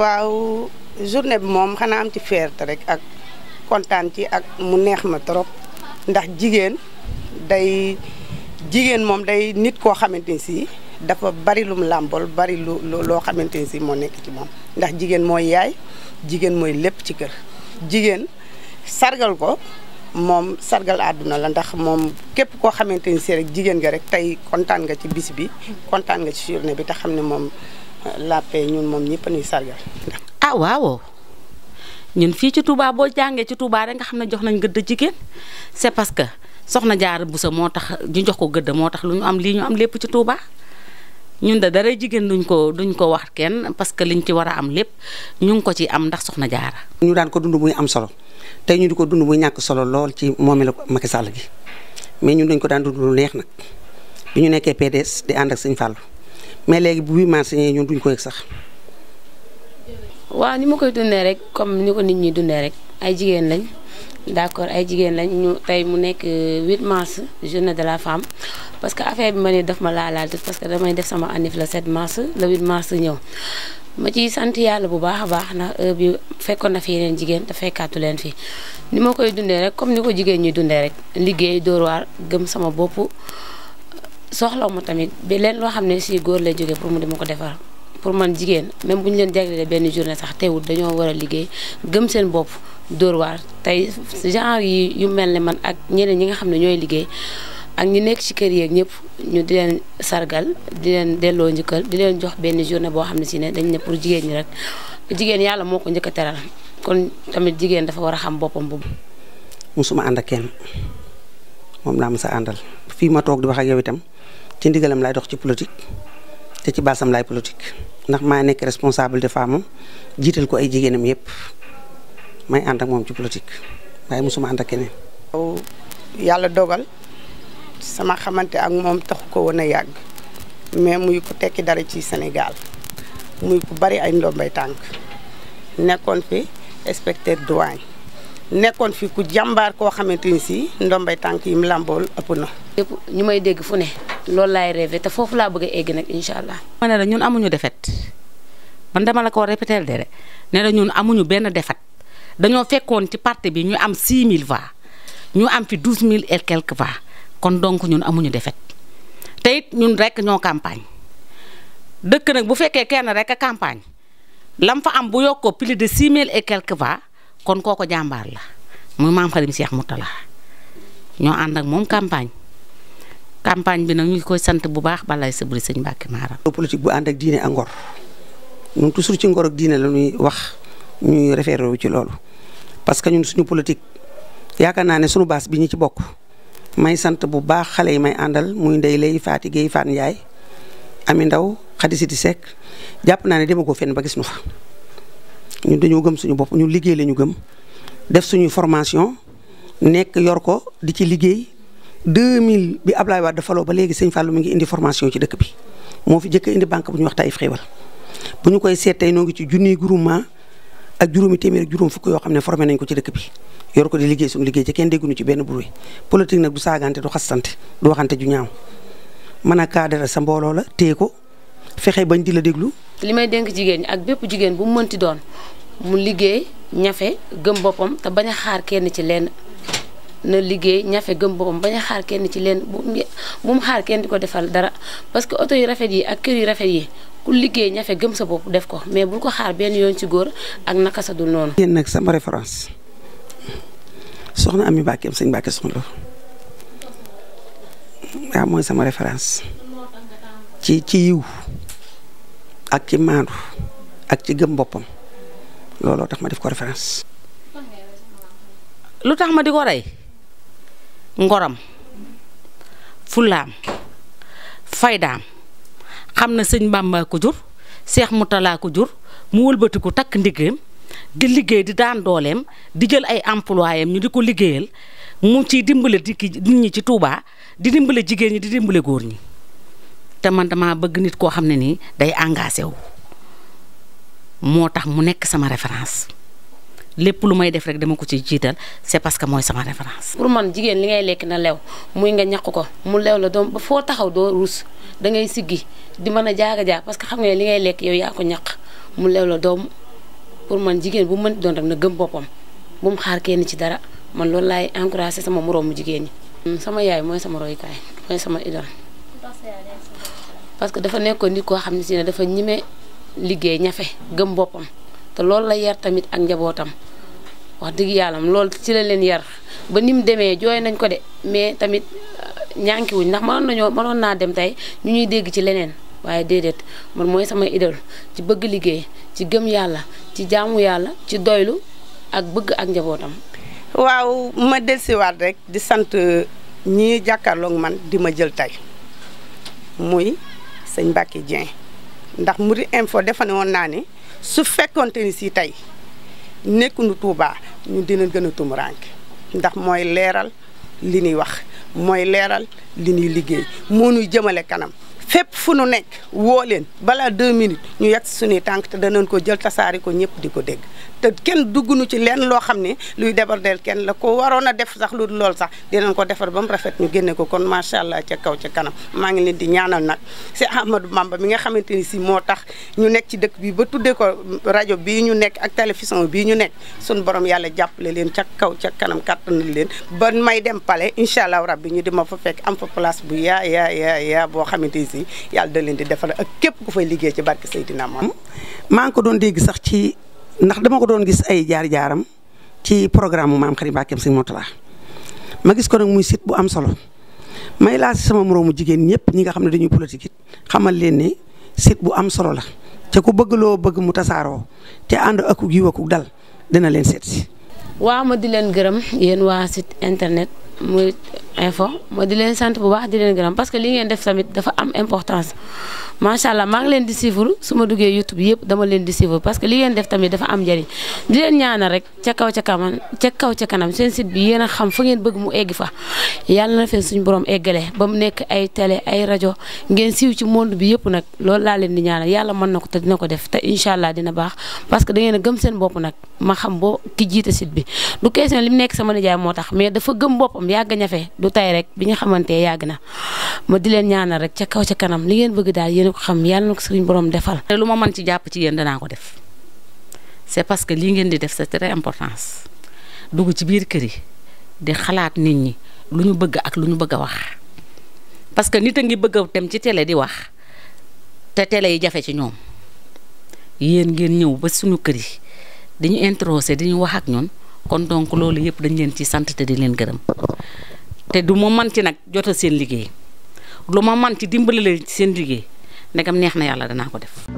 waaw journée bi moom xanaa am ci fierté rek ak kontaan ci ak mu neex ma trop ndax jigéen day jigéen moom day nit koo xamante ni si dafa bari lum làmbool bari lu loo xamante ni si moo nekk ci moom ndax jigéen mooy yaay jigéen mooy lépp ci kër jigéen sargal ko mom sargal àdduna la ndax moom képp koo xamante ni si rek jigéen nga rek tey kontaan nga ci bis bi kontaan nga ci journée bi te xam ne la paix ñun mom ñëpp ñuy sargal. ah waaw ñun fi ci Touba bo jangé ci Touba rek nga xamna jox nañ gëdd jigéen c'est parce que soxna jaar Buso sa motax ñu jox ko gëdd motax lu ñu am li ñu am lepp ci Touba. ñun da dara jigen duñ ko duñ ko wax kenn parce que liñ ci wara am lepp ñu ko ci am ndax soxna jaar ñu daan ko dund muy am solo tay ñu diko dund muy ñak solo lol ci momi Macky Sall gi mais ñun dañ ko daan dund lu neex nak biñu nekké PDS di and ak Fallou mais léegi bu 8 mars ñëwee ñun duñ ko sax. waaw ni ma koy dundee rek comme ni ko nit ñi dundee rek ay jigéen lañ d'accord ay jigéen lañ ñu tey mu nekk 8 euh, mars journée de la femme parce que affaire bi ma ne daf ma laalaal parce que damay def sama annif le 7 mars le mars ñëw. ma ci sant yàlla bu baax a baax na bi fekkoon na fi yeneen jigéen te fekkaatu leen fii ni ma koy dundee rek comme ni ko jigéen ñi dundee rek liggéey dóor waar gëm sama bopp. soxla mo tamit bi len lo xamne si góor la joge pour mu dem ko defal pour man jigen même buñu len leen ben journée sax téwul dañoo wara a liggéey gëm seen bop dóor war tay genre yi yu melni man ak ñeneen ñi nga xamne ñoy ñooy liggéey ak ñu nekk ci kër ak ñëpp ñu di len sargal di len delo njëkkal di len jox ben journée bo xamne si ne dañ ne pour jigen ñi rek jigen yalla moko ñëk téral kon tamit jigen dafa wara xam bopam bu musuma ànd ak kenn moom sa andal a àndal ma tok di wax ak yow itam. ci ndigalam lay dox ci politique te ci baasam laay politique ndax maa nekk responsable de femme jiital ko ay jigéenam yëpp may ànd ak moom ci politique waaye mosuma ànd ak keneen. yàlla dogal sama xamante ak moom taxu ko woon yàgg mais muy ku tekki dara ci Sénégal muy ku bari ay ndombay tànk nekkoon fi inspecteur douane nekkoon fi ku jàmbaar koo xamante ni si ndombay tànk yi mu làmbool ëpp na. ñu may dégg fu ne. loolu laay rêvé te foofu laa bëgg a egg nag incha allah. ma ne la ñun amuñu defet man dama la ko répété de ne la ñun amuñu benn defet dañoo fekkoon ci parti bi ñu am 6000 voix ñu am fi 12000 et quelques voix kon donc ñun amuñu defet te it ñun rek ñoo campagne dëkk nag bu fekkee kenn rek campagne lam am bu yokkoo plus de 6000 et quelques voix kon kooko jàmbaar la muy maam Xadim Cheikh Moutala ñoo ànd ak moom campagne. campagne bi nak ñu koy sante bu baax balay sabri sëñ Mbàkke Maaram politique bu and ak diiné angor ngor ñun toujours ci ngor ak diiné la ñuy wax ñuy référé wu ci loolu parce que ñun suñu politique yaakaar naa suñu baas bi ñi ci bokk may sante bu baax xalé yi may andal muy ndey lay faati géey yaay ami ndaw xadi siti sek jàpp na ne ko fenn ba gis nu fa ñun dañu gëm suñu bop ñu liggéey lañu gëm def suñu formation nek yor ko di ci liggéey 2000 bi Ablaye Wade faloo ba léegi sëñ Fallou mu ngi indi formation ci dëkk bi moo fi jëkk indi banque bu ñu wax Taif Xéewal bu ñu koy seet tey noo ngi ci junniy groupement ak juróomi téeméer juróom fukk yoo xam ne formé nañ ko ci dëkk bi yor ko di liggéey suñu liggéey ci kenn dégguñu ci benn bruit politique nag du saagante du xasante du waxante ju ñaaw mën a cadre sa mbooloo la téye ko fexe bañ di la déglu. li may dénk jigéen ñi ak bépp jigéen bu mu mënti doon mu liggéey ñafe gëm boppam te bañ a xaar kenn ci lenn. na liggéey ñafe gëm boppam bañ xaar kenn ci leen bu mu xaar kenn di ko defal dara parce que oto yu rafet yi ak kër yu rafet yi ku liggéey ñafe gëm sa bopp def ko mais bul ko xaar benn yoon ci góor ak naka sa dul noonu. yéen nag sama référence soxna Ami Mbacke sëñ Mbacke soxna waaw mooy sama référence ci ci yiw ak ci maandu ak ci gëm boppam looloo tax ma def ko référence. lu tax ma di ko rey. ngoram fulaam faydaam xam na sëñ Bàmba ko jur seex Murtala ko jur mu wëlbatiku takk ndiggeem di liggéey di daan dooleem di jël ay employéem ñu di ko liggéeyal mu ciy dimbale di nit ñi ci tuubaa di dimbale jigéen ñi di dimbale góor ñi te man dama bëgg nit koo xam ne nii day engagé wu moo tax mu nekk sama référence lepp lu may def rek dama ko ci jital c'est parce que moy sama référence. pour man jigen li ngay lek na lew muy nga ñaq ko mu lew la doom fo taxaw do rouss da ngay siggi di meuna jaaga jaag parce que xam nga li ngay lek yow ya ko ñaq mu lew la doom pour man jigen bu mën don rek na gëm bopam bu mu xaar kenn ci dara man lool lay encourager sama moroomu jigen ni mm, sama yaay moy sama kay moy sama idol parce que dafa nekkoon nit ko xamni ci dafa ñime liggey ñafé gëm bopam te loolu la yar tamit ak njabootam wax dëgg yàlla lool ci la leen yar ba ni mu demee jooy nañ ko de mais tamit euh, ñànkiwuñ ndax mënoon nañoo mënoon naa dem tey ñu ñuy dégg ci leneen waaye déedéet man mooy sama idole ci bëgg liggéey ci gëm yàlla ci jaamu yàlla ci doylu ak bëgg ak njabootam. waaw ma delsiwaat rek di sant ñii jàkkaarloog man di ma jël tay muy sëñ Mbacke Dieng ndax mu di Mouride info defe woon naa ne. su fekkonte ni si tey nekkuñu tuubaa ñu dinañ gën a tumuraanke ndax mooy leeral li ñuy wax mooy leeral li ñuy liggéey moo nuy jëmale kanam fépp fu nu nekk woo leen balaa deux minutes ñu yegg suñuy tànk te danañ ko jël tasaari ko ñëpp di ko dégg te kenn nu ci lenn loo xam ne luy débordeel kenn la ko waroon a def sax lu lool sax dinañ ko defar ba mu rafet ñu génne ko kon macha allah ca kaw ca kanam maa ngi leen di ñaanal nag si Ahmadou Bamba mi nga xamante ni si moo tax ñu nekk ci dëkk bi ba tuddee ko rajo bii ñu nekk ak télévision bii ñu nekk suñu borom yàlla jàppale leen ca kaw ca kanam kàttanal leen ba may dem pale incha allah rabbi ñu di ma fa fekk am fa place bu yaa yaa boo xamante ni si yàlla da leen di defar ak képp ku fay liggéey ci barke Seydina Mohamed maa ngi ndax dama ko doon gis ay jaar-jaaram ci programme mu maam Xari Mbàkke Sëñ Murtala ma gis ko nag muy sit bu am solo may laa si sama moroomu jigéen ñëpp ñi nga xam ne dañuy politique xamal leen ne site bu am solo la te ku bëgg loo bëgg mu tasaaroo te ànd akug yiw akug dal dina leen seet si. waaw ma di leen gërëm yéen waa site internet info ma di len sante bu baax di len gëram parce que li ngeen def tamit dafa am importance macha allah maa ngi len di suivre suma duggé YouTube yépp dama len di suivre parce que li ngeen def tamit dafa am jari di len ñaanal rek ci kaw ca kanam ci kaw ci kanam seen site bi yeena xam fa ngeen bëgg mu egg fa yalla na feen suñu borom eggale bam mu nekk ay télé ay rajo ngeen siiw ci monde bi yépp nak lool la len di ñaanal yalla man na te dina ko def te inshallah dina baax parce que da ngeen gëm seen bop nak ma xam bo ki jité site bi du question lim nekk sama nijaay motax mais dafa gëm boppam yàgg ñafe lu tey rek bi ñu xamante yàgg na ma di leen ñaanal rek ca kaw ca kanam li ngeen bëgg daal yéen ko xam yàlla na ko suñu borom defal. lu ma mën ci jàpp ci yéen danaa ko def c'est parce que lii ngeen di def sa très importance dugg ci biir kër yi di xalaat nit ñi lu ñu bëgg ak lu ñu bëgg a wax parce que nit a ngi bëgg a dem ci télé di wax te télé yi jafe ci ñoom yéen ngeen ñëw ba suñu kër yi dañu introsé dañu wax ak ñoon kon donc loolu yëpp dañ leen ci sant te di leen gërëm. te du ma man ci nag jotal seen liggéey lu ma man ci dimbali leen seen liggéey ndegam neex na yàlla danaa ko def